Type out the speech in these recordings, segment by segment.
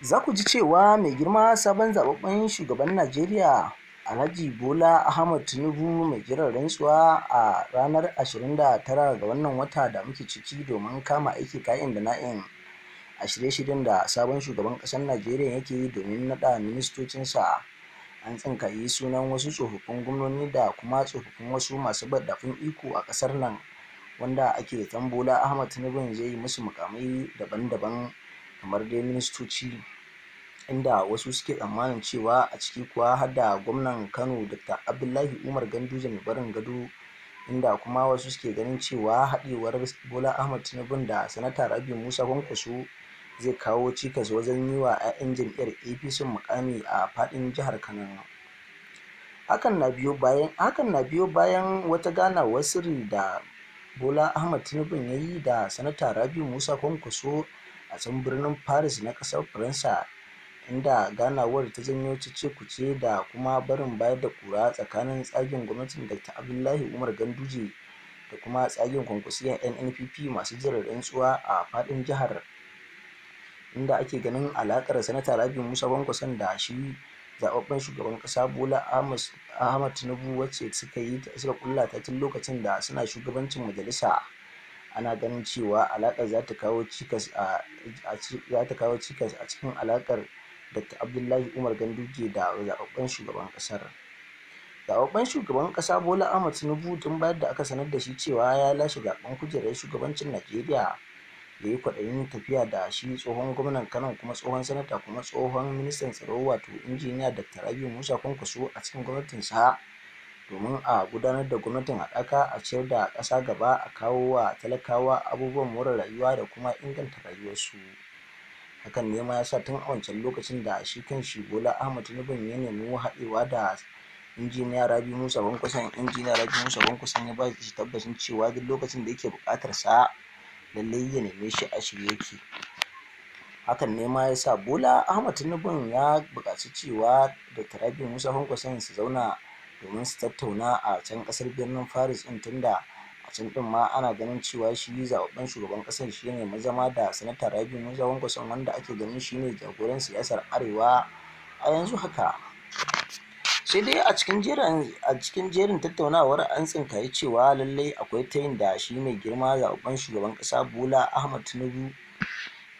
za ku ji cewa mai girma sabon zababben shugaban Najeriya Alhaji Bola Ahmad Tinubu mai jiran rantsuwa a ranar 29 ga wannan wata da muke ciki domin kama aiki ka'in da na'in a shirye-shiryen da sabon shugaban ƙasar Najeriya yake yi domin naɗa ministocinsa. An tsinkayi sunan wasu tsofaffin gwamnoni da kuma tsofaffin wasu masu baddafin iko a ƙasar nan wanda ake tambola Bola Ahmad Tinubu zai yi musu mukamai daban-daban. kamar dai ministoci inda wasu suke tsammanin cewa a ciki kuwa har da gwamnan kano dr abdullahi umar ganduje mai barin gado inda kuma wasu suke ganin cewa haɗewar bola ahmad tinubu da sanata rabi musa kwankwaso zai kawo cikas wajen yi wa 'ya'yan jam'iyyar apc mukami a faɗin jihar kano hakan na biyo bayan wata ganawar sirri da bola ahmad tinubu ya yi da sanata rabi musa kwankwaso a can birnin Paris na kasar Faransa, inda ganawar ta janyo cece-kuce da kuma barin bayar da ƙura tsakanin tsagin gwamnatin Dr. abdullahi Umar Ganduje da kuma tsagin kwankwasiyya NNPP masu jiran rantsuwa a faɗin jihar, inda ake ganin alaƙar Sanata rabin Musa Kwankwason da shi zaɓaɓɓen shugaban ƙasa Bola Ahmed Tinubu wacce suka ƙulla ta tun lokacin da suna shugabancin majalisa. ana ganin cewa alaƙar za ta kawo cikas a cikin alaƙar Dr. Abdullahi Umar Ganduje da zaɓaɓɓen shugaban ƙasar. Zaɓaɓɓen shugaban ƙasa Bola Ahmad Tinubu tun bayar da aka sanar da shi cewa ya lashe zaɓen kujerar shugabancin Najeriya da yi kwaɗayin tafiya da shi tsohon gwamnan Kano kuma tsohon sanata kuma tsohon ministan tsaro wato injiniya Dr. Rabiu Musa Kwankwaso a cikin gwamnatin sa domin a gudanar da gwamnatin haɗaka a ciyar da ƙasa gaba a kawo wa talakawa abubuwan more rayuwa da kuma inganta rayuwarsu hakan ne ma ya sa tun a wancan lokacin da shi kan shi bola ahmad tinubu ya nemi haɗewa da injiniya rabi musa bankusan injiniya rabi musa bankusan ya ba shi tabbacin cewa duk lokacin da yake buƙatar sa lallai ya neme shi a shirye yake hakan ne ma ya sa bola ahmad tinubu ya buƙaci cewa da rabi musa bankusan su zauna domin su tattauna a can kasar birnin Paris ɗin tunda a can ɗin ma ana ganin cewa shi zaɓaɓɓen shugaban ƙasar shi ne mazama da sanata Rabi Musa Kwankwason wanda ake ganin shi ne jagoran siyasar Arewa a yanzu haka. sai dai a cikin jerin a cikin jerin tattaunawar an tsinkayi cewa lallai akwai ta da shi mai girma zaɓaɓɓen shugaban ƙasa bola ahmad tinubu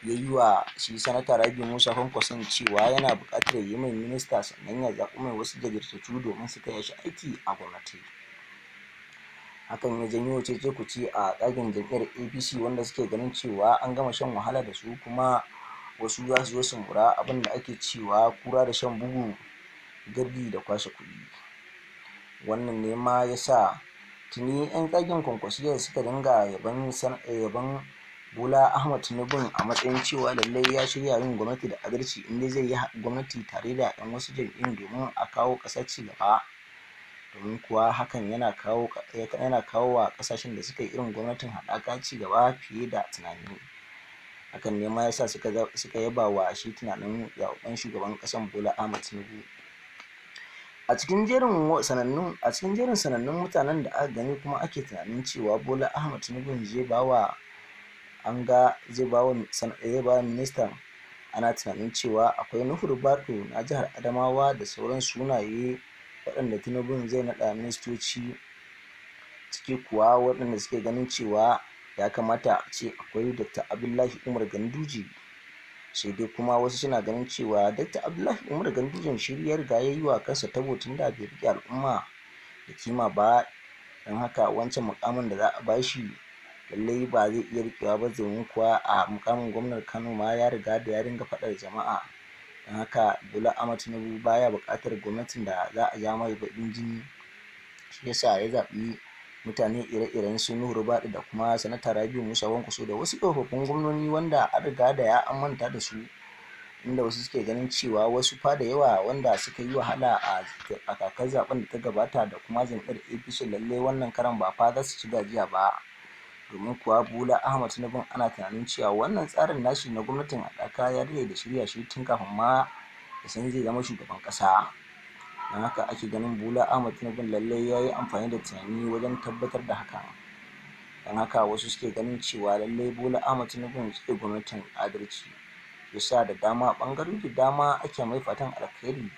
ya yi wa shi sanata rabi musa kwankwason cewa yana buƙatar yi mai minista sannan ya zaɓi mai wasu jajirtattu domin su kai shi aiki a gwamnati hakan ya janyo ce ku ci a tsagen jam'iyyar apc wanda suke ganin cewa an gama shan wahala da su kuma wasu za su zo su mura abin da ake cewa kura da shan bugu girbi da kwashe kuɗi wannan ne ma ya sa tuni 'yan tsagen kwankwasiyar suka dinga yaban Bola Ahmed Tinubun a matsayin cewa lallai ya shirya yin gwamnati da adalci inda zai yi gwamnati tare da 'yan wasu jam'iyyun domin a kawo ƙasar ci gaba. Domin kuwa hakan yana kawo yana kawo wa ƙasashen da suka yi irin gwamnatin haɗaka ci gaba fiye da tunani. Hakan ne ma ya sa suka yaba wa shi tunanin zaɓen shugaban ƙasar Bola Ahmed Tinubu. a cikin jerin sanannun a cikin jerin sanannun mutanen da aka gani kuma ake tunanin cewa Bola Ahmed Tinubu zai ba wa an ga zai ba wa ministan ana tunanin cewa akwai nuhur bato na jihar adamawa da sauran sunaye waɗanda tinubun zai naɗa ministoci ciki kuwa waɗanda suke ganin cewa ya kamata a ce akwai dr abdullahi umar ganduji sai dai kuma wasu suna ganin cewa dr abdullahi umar ganduji shirya ya riga ya yi wa kansa tabo tun da bai al'umma da kima ba don haka wancan mukamin da za a bashi lallai ba zai iya riƙewa ba domin kuwa a mukamin gwamnar kano ma ya riga da ya ringa faɗar jama'a don haka bola ahmad tinubu baya buƙatar gwamnatin da za a ja mai baƙin jini shi yasa ya zaɓi mutane ire-iren su nuhu rubaɗi da kuma sanata rabiu musa kwankwaso da wasu tsofaffin gwamnoni wanda an riga da ya an manta da su inda wasu suke ganin cewa wasu fa da yawa wanda suka yi wahala a kakar zaben da ta gabata da kuma jam'iyyar apc lallai wannan karan ba fa za su ci gajiya ba domin kuwa bola ahmed tinubu ana tunanin cewa wannan tsarin nashi na gwamnatin haɗaka ya daɗe da shirya shi tun kafin ma ya san zai zama shugaban ƙasa don haka ake ganin bola ahmed tinubu lallai ya yi amfani da tunani wajen tabbatar da haka don haka wasu suke ganin cewa lallai bola ahmed tinubu zai gwamnatin adalci yasa da dama ɓangarori da dama ake mai fatan alkhairi